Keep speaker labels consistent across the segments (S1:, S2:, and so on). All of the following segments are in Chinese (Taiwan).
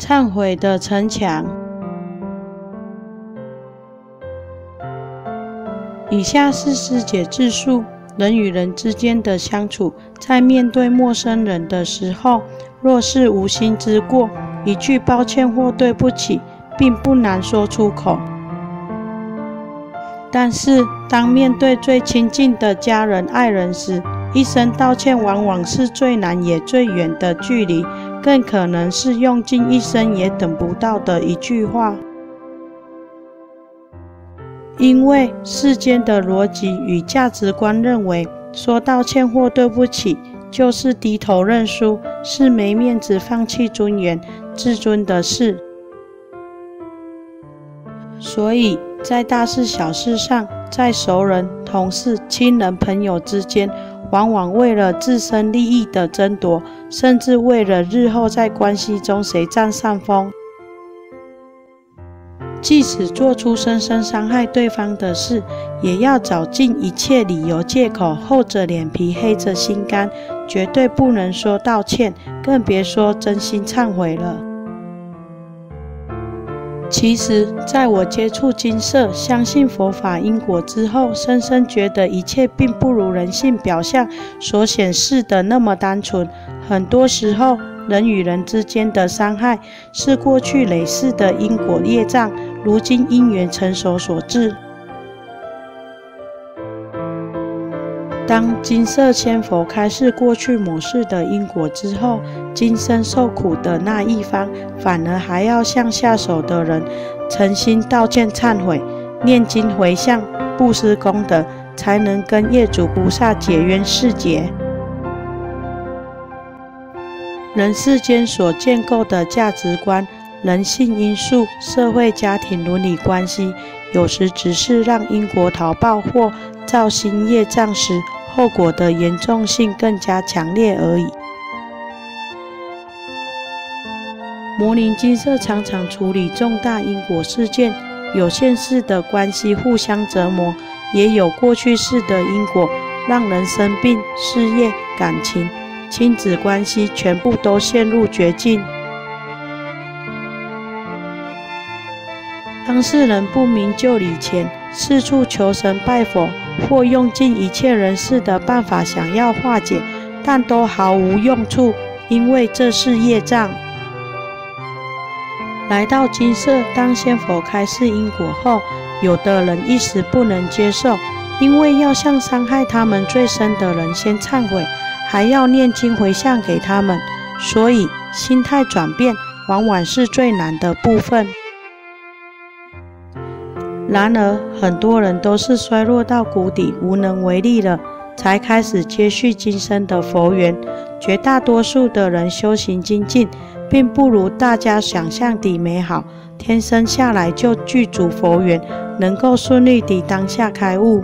S1: 懺悔的城牆。以下是師姐自述：人與人之間的相處，在面對陌生人的時候，若是無心之過，一句抱歉或對不起，並不難說出口。但是，當面對最親近的家人、愛人時，一聲道歉往往是最難也最遠的距離。更可能是用盡一生也等不到的一句話，因為世間的邏輯與價值觀認為，說道歉或對不起，就是低頭認輸，是沒面子、放棄尊嚴、自尊的事。所以在大事小事上，在熟人、同事、親人、朋友之間，往往為了自身利益的爭奪，甚至為了日後在關係中誰佔上風，即使做出深深傷害對方的事，也要找盡一切理由、借口，厚着臉皮、黑着心肝，絕對不能說道歉，更別說真心懺悔了。其實，在我接觸精舍、相信佛法因果之後，深深覺得一切並不如人性表象所顯示的那麼單純。很多時候，人與人之間的傷害，是過去累世的因果業障，如今因緣成熟所致。當金色千佛開示過去某世的因果之後，今生受苦的那一方，反而還要向下手的人誠心道歉、懺悔、念經回向、布施功德，才能跟業主菩薩解冤釋結。人世間所建構的價值觀、人性因素、社會家庭倫理關係，有時只是讓因果逃報或造新業障時。後果的嚴重性更加強烈而已。牟尼精舍常常處理重大因果事件，有現世的關係互相折磨，也有過去式的因果，讓人生病、事業、感情、親子關係全部都陷入絕境。當事人不明就裡前，四處求神拜佛，或用盡一切人事的辦法想要化解，但都毫無用處，因為這是業障。來到精舍，當仙佛開示因果後，有的人一時不能接受，因為要向傷害他們最深的人先懺悔，還要念經回向給他們，所以心態轉變往往是最難的部分。然而，很多人都是衰落到谷底、無能為力了，才開始接續今生的佛緣。絕大多數的人修行精進，並不如大家想象的美好。天生下來就具足佛緣，能夠順利地當下開悟。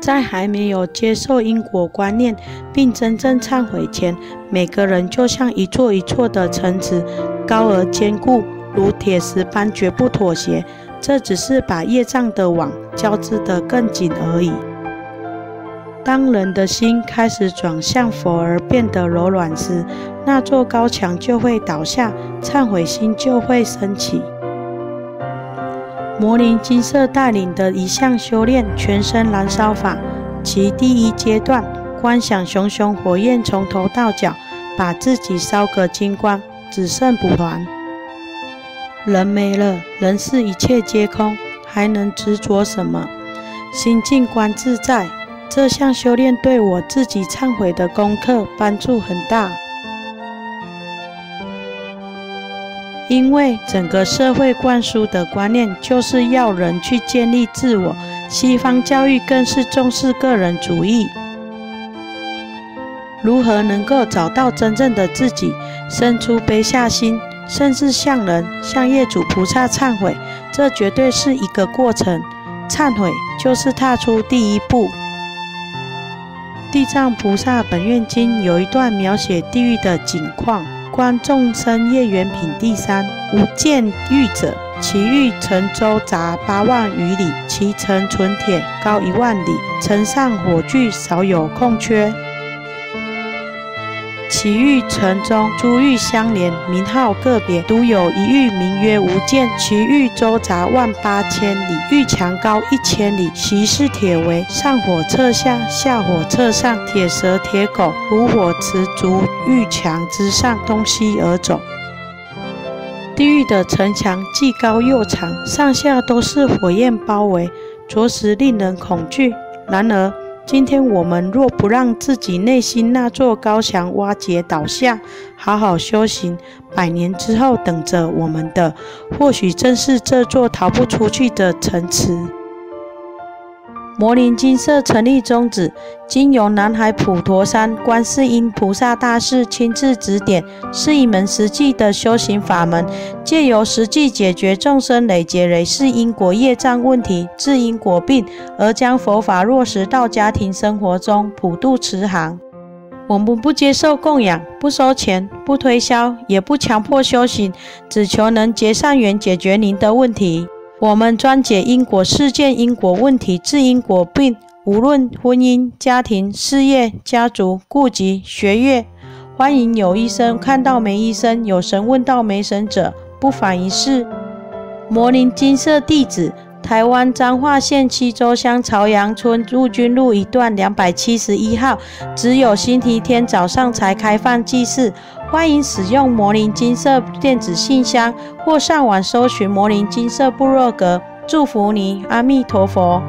S1: 在還沒有接受因果觀念並真正懺悔前，每個人就像一座一座的城池，高而堅固。如鐵石般絕不妥協，這只是把業障的網交織得更緊而已。當人的心開始轉向佛而變得柔軟時，那座高牆就會倒下，懺悔心就會升起。魔靈金色帶領的一項修煉——全身燃燒法，其第一階段，觀想熊熊火焰從頭到腳，把自己燒個精光，只剩不環。人沒了，人是一切皆空，還能執着什麼？心靜觀自在。這項修煉對我自己懺悔的功課幫助很大。因為整個社會灌輸的觀念就是要人去建立自我，西方教育更是重視個人主義。如何能夠找到真正的自己？生出卑下心。甚至向人、向業主菩薩懺悔，這絕對是一個過程。懺悔就是踏出第一步。《地藏菩薩本願經》有一段描寫地獄的景況：觀眾生業緣品第三，無間獄者，其獄城周匝八萬餘里，其城純鐵，高一萬里，城上火炬少有空缺。其獄城中，諸獄相連，名號各別，獨有一獄名曰無間。其獄周匝萬八千里，獄牆高一千里，悉是鐵圍，上火側下，下火側上，鐵蛇鐵狗，如火馳逐，獄牆之上，東西而走。地獄的城牆既高又長，上下都是火焰包圍，着實令人恐懼。然而，今天我們若不讓自己內心那座高牆瓦解倒下，好好修行，百年之後等着我們的，或許正是這座逃不出去的城池。牟尼精舍成立宗旨，經由南海普陀山觀世音菩薩大士親自指點，是一門實際的修行法門，借由實際解決眾生累劫累世因果業障問題，治因果病，而將佛法落實到家庭生活中，普度慈航。我們不接受供養，不收錢，不推銷，也不強迫修行，只求能結善緣，解決您的問題。我們專解因果事件、因果問題、治因果病，無論婚姻、家庭、事業、家族、痼疾、學業。歡迎有醫生看到沒醫生，有神問到沒神者，不妨一試。牟尼精舍地址。台灣彰化縣七洲鄉朝陽村陸軍路一段兩百七十一號，只有星期天早上才開放祭祀，歡迎使用牟尼精舍電子信箱或上網搜尋牟尼精舍部落格。祝福你，阿彌陀佛。